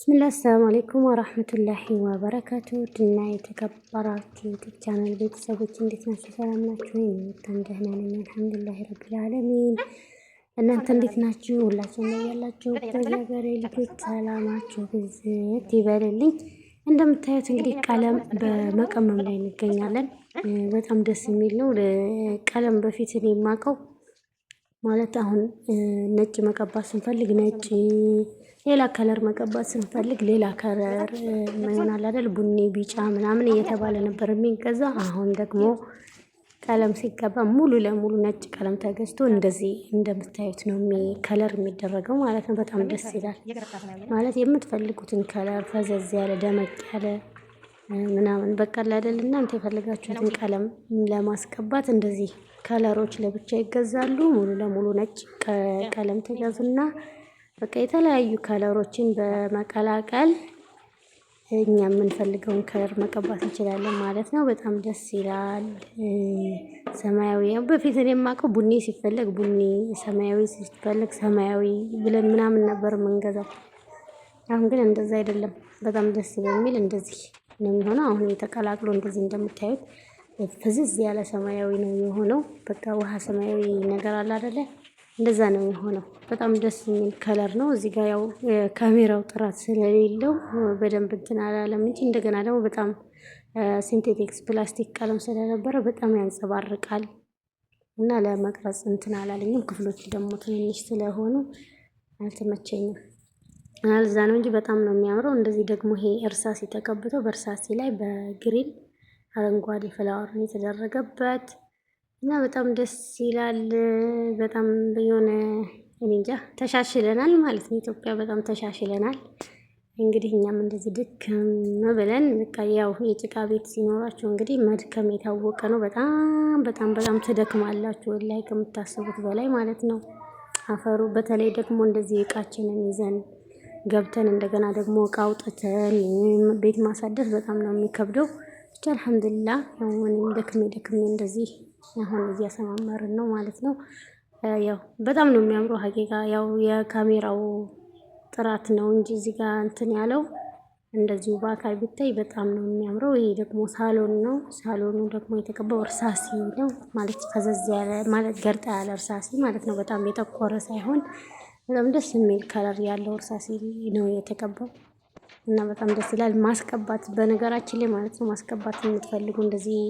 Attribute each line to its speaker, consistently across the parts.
Speaker 1: ብስምላ አሰላሙ አሌይኩም ወራህመቱላሂ ወበረካቱ ድና የተከበራችሁ ዩቱብ ቻናል ቤተሰቦች እንዴት ናችሁ? ሰላም ናችሁ? በጣም ደህና ነኝ አልሐምዱሊላህ ረቢል ዓለሚን። እናንተ እንዴት ናችሁ? ሁላችሁ ነው ያላችሁ በተዛገረ ልጆች ሰላማችሁ ብዝት ይበልልኝ። እንደምታዩት እንግዲህ ቀለም በመቀመም ላይ እንገኛለን። በጣም ደስ የሚል ነው። ቀለም በፊት እኔ የማውቀው ማለት አሁን ነጭ መቀባት ስንፈልግ ነጭ፣ ሌላ ከለር መቀባት ስንፈልግ ሌላ ከለር ይሆናል አይደል? ቡኒ፣ ቢጫ ምናምን እየተባለ ነበር የሚገዛ። አሁን ደግሞ ቀለም ሲገባ ሙሉ ለሙሉ ነጭ ቀለም ተገዝቶ እንደዚህ እንደምታዩት ነው ከለር የሚደረገው ማለት ነው። በጣም ደስ ይላል ማለት የምትፈልጉትን ከለር ፈዘዝ ያለ ደመቅ ያለ ምናምን በቃል አይደል እናንተ የፈለጋችሁትን ቀለም ለማስቀባት እንደዚህ ከለሮች ለብቻ ይገዛሉ። ሙሉ ለሙሉ ነጭ ቀለም ትገዙና በቃ የተለያዩ ከለሮችን በመቀላቀል እኛ የምንፈልገውን ከለር መቀባት እንችላለን ማለት ነው። በጣም ደስ ይላል። ሰማያዊ በፊት እኔ የማውቀው ቡኒ ሲፈለግ ቡኒ፣ ሰማያዊ ሲፈለግ ሰማያዊ ብለን ምናምን ነበር የምንገዛው። አሁን ግን እንደዛ አይደለም። በጣም ደስ በሚል እንደዚህ ነው የሚሆነው። አሁን ተቀላቅሎ እንደዚህ እንደምታዩት ፍዝዝ ያለ ሰማያዊ ነው የሆነው። በቃ ውሃ ሰማያዊ ነገር አለ አደለ? እንደዛ ነው የሆነው። በጣም ደስ የሚል ከለር ነው። እዚህ ጋር ያው ካሜራው ጥራት ስለሌለው በደንብ እንትን አላለም እንጂ እንደገና ደግሞ በጣም ሲንቴቲክስ ፕላስቲክ ቀለም ስለነበረ በጣም ያንጸባርቃል እና ለመቅረጽ እንትን አላለኝም። ክፍሎች ደግሞ ትንንሽ ስለሆኑ አልተመቸኝም። አልዛ ነው እንጂ በጣም ነው የሚያምረው። እንደዚህ ደግሞ ይሄ እርሳስ የተቀብተው በእርሳሴ ላይ በግሪን አረንጓዴ ፍላወር ነው የተደረገበት እና በጣም ደስ ይላል። በጣም የሆነ እንጃ ተሻሽለናል ማለት ነው። ኢትዮጵያ በጣም ተሻሽለናል። እንግዲህ እኛም እንደዚህ ድክም ብለን በቃ ያው የጭቃ ቤት ሲኖራችሁ እንግዲህ መድከም የታወቀ ነው። በጣም በጣም በጣም ትደክማላችሁ፣ ላይ ከምታስቡት በላይ ማለት ነው። አፈሩ በተለይ ደግሞ እንደዚህ እቃችንን ይዘን ገብተን እንደገና ደግሞ እቃ አውጥተን ቤት ማሳደር በጣም ነው የሚከብደው። ብቻ አልሐምዱሊላ ያው ደክሜ ደክሜ እንደዚህ አሁን እያሰማመርን ነው ማለት ነው። ያው በጣም ነው የሚያምሩ ሀቂቃ ያው የካሜራው ጥራት ነው እንጂ እዚህ ጋር እንትን ያለው እንደዚሁ በአካል ቢታይ በጣም ነው የሚያምረው። ይሄ ደግሞ ሳሎን ነው። ሳሎኑ ደግሞ የተቀባው እርሳሲ ነው ማለት ፈዘዝ ያለ ማለት ገርጣ ያለ እርሳሲ ማለት ነው። በጣም የጠቆረ ሳይሆን በጣም ደስ የሚል ከለር ያለው እርሳስ ነው የተቀባው እና በጣም ደስ ይላል። ማስቀባት በነገራችን ላይ ማለት ነው ማስቀባት የምትፈልጉ እንደዚህ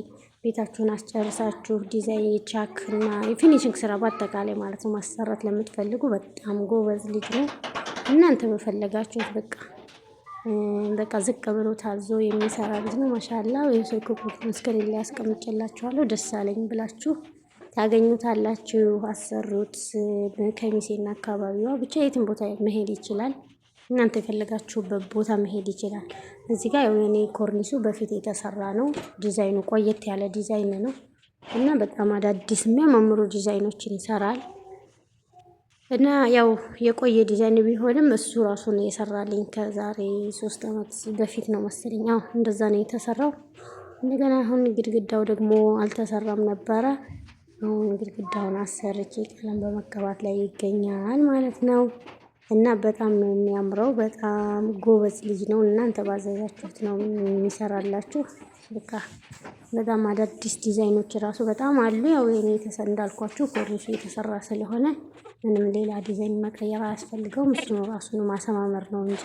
Speaker 1: ቤታችሁን አስጨርሳችሁ ዲዛይን፣ ቻክ እና የፊኒሽንግ ስራ በአጠቃላይ ማለት ነው ማሰራት ለምትፈልጉ በጣም ጎበዝ ልጅ ነው። እናንተ በፈለጋችሁት በቃ በቃ ዝቅ ብሎ ታዞ የሚሰራ ልጅ ነው። ማሻላ የስልክ ቁጥሩን ስክሪን ላይ ያስቀምጥላችኋለሁ። ደስ አለኝ ብላችሁ ታገኙታላችሁ። አሰሩት። ከሚሴና አካባቢዋ ብቻ የትም ቦታ መሄድ ይችላል። እናንተ የፈለጋችሁበት ቦታ መሄድ ይችላል። እዚህ ጋር የኔ ኮርኒሱ በፊት የተሰራ ነው። ዲዛይኑ ቆየት ያለ ዲዛይን ነው እና በጣም አዳዲስ የሚያማምሩ ዲዛይኖችን ይሰራል እና ያው የቆየ ዲዛይን ቢሆንም እሱ ራሱን የሰራልኝ ከዛሬ ሶስት ዓመት በፊት ነው መሰለኝ። አዎ እንደዛ ነው የተሰራው። እንደገና አሁን ግድግዳው ደግሞ አልተሰራም ነበረ። አሁን ግድግዳውን አሰርቼ ቀለም በመቀባት ላይ ይገኛል ማለት ነው። እና በጣም ነው የሚያምረው። በጣም ጎበዝ ልጅ ነው። እናንተ ባዘዛችሁት ነው የሚሰራላችሁ። በቃ በጣም አዳዲስ ዲዛይኖች ራሱ በጣም አሉ። ያው ይሄን እንዳልኳችሁ ኮርኒሱ የተሰራ ስለሆነ ምንም ሌላ ዲዛይን መቀየር አያስፈልገውም። እሱ ነው ራሱን ማሰማመር ነው እንጂ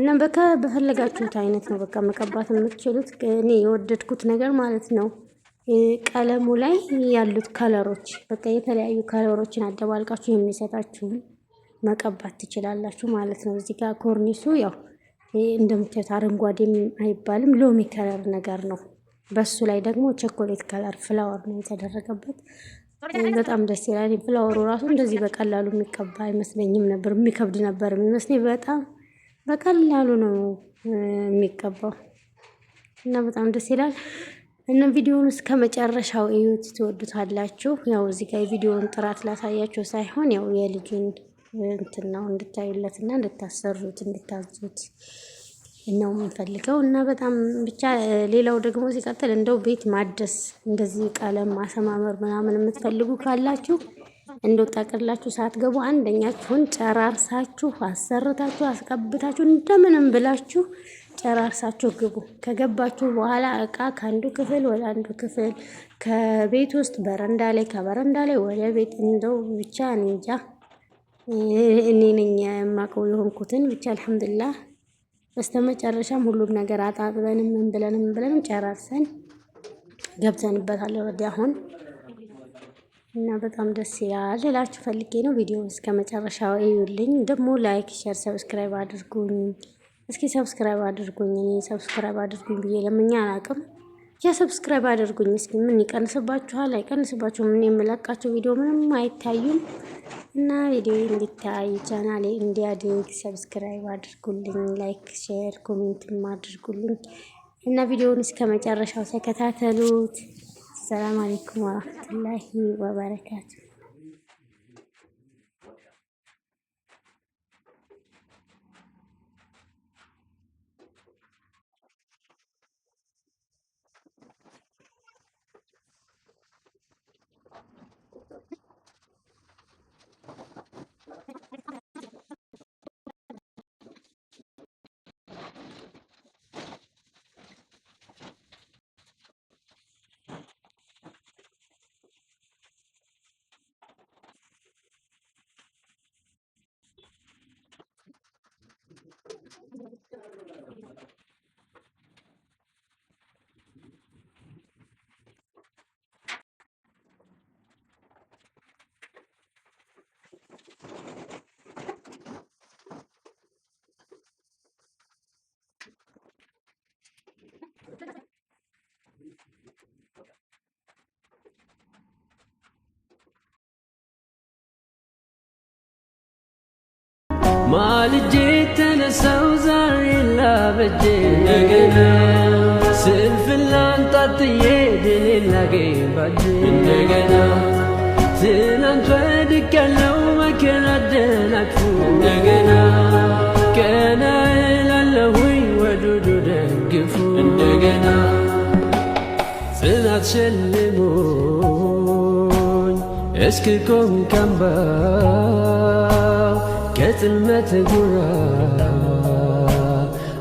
Speaker 1: እና በቃ በፈለጋችሁት አይነት ነው በቃ መቀባት የምትችሉት። እኔ የወደድኩት ነገር ማለት ነው ቀለሙ ላይ ያሉት ከለሮች በቃ የተለያዩ ከለሮችን አደባልቃችሁ የሚሰጣችሁን መቀባት ትችላላችሁ ማለት ነው። እዚህ ጋር ኮርኒሱ ያው እንደምታዩት አረንጓዴም አይባልም ሎሚ ከለር ነገር ነው። በሱ ላይ ደግሞ ቸኮሌት ከለር ፍላወር ነው የተደረገበት። በጣም ደስ ይላል። ፍላወሩ ራሱ እንደዚህ በቀላሉ የሚቀባ አይመስለኝም ነበር፣ የሚከብድ ነበር የሚመስለኝ። በጣም በቀላሉ ነው የሚቀባው እና በጣም ደስ ይላል። እና ቪዲዮውን እስከ መጨረሻው እዩት፣ ትወዱታላችሁ። ያው እዚህ ጋር የቪዲዮውን ጥራት ላሳያችሁ ሳይሆን ያው የልጁን እንትን ነው እንድታዩለት እና እንድታሰሩት እንድታዙት ነው የምንፈልገው። እና በጣም ብቻ ሌላው ደግሞ ሲቀጥል እንደው ቤት ማደስ እንደዚህ ቀለም ማሰማመር ምናምን የምትፈልጉ ካላችሁ እንደው ጠቅላችሁ ሳትገቡ አንደኛችሁን ጨራርሳችሁ አሰርታችሁ አስቀብታችሁ እንደምንም ብላችሁ ጨራርሳችሁ ግቡ። ከገባችሁ በኋላ እቃ ከአንዱ ክፍል ወደ አንዱ ክፍል፣ ከቤት ውስጥ በረንዳ ላይ፣ ከበረንዳ ላይ ወደ ቤት እንደው ብቻ እንጃ እኔ ነኝ የማውቀው የሆንኩትን ብቻ አልሐምዱሊላህ። በስተመጨረሻም ሁሉም ነገር አጣጥበንም ምን ብለንም ምን ብለንም ጨራርሰን ገብተንበታል። ወደ አሁን እና በጣም ደስ ይላል እላችሁ ፈልጌ ነው። ቪዲዮ እስከ መጨረሻው እዩልኝ። ደግሞ ላይክ፣ ሼር፣ ሰብስክራይብ አድርጉኝ። እስኪ ሰብስክራይብ አድርጉኝ፣ እኔ ሰብስክራይብ አድርጉኝ ብዬ ለምኛ አላቅም። ሰብስክራይብ አድርጉኝ እስኪ። ምን ይቀንስባችኋል? አይቀንስባችሁም። ምን የምለቃቸው ቪዲዮ ምንም አይታዩም እና ቪዲዮ እንዲታይ ቻናሌ እንዲያድግ ሰብስክራይብ አድርጉልኝ፣ ላይክ፣ ሼር፣ ኮሜንትም አድርጉልኝ እና ቪዲዮውን እስከ መጨረሻው ተከታተሉት። ሰላም አለይኩም ወራህመቱላሂ ወበረካቱ። ወልጄ ተነሳው ዛሬ ላበጄ እንደገና ስዕል ፍላንጣጥዬ ድሌን ላገኝ ባጄ እንደገና ትናንት ወድቅ ያለው መከራ አደናቅፉ እንደገና ቀና እላለሁኝ ወዱዱ ደግፉ እንደገና ጽናት ሸልሞኝ እስክቆም ካምባ كتل ما تقولها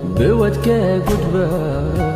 Speaker 1: بود كجدبه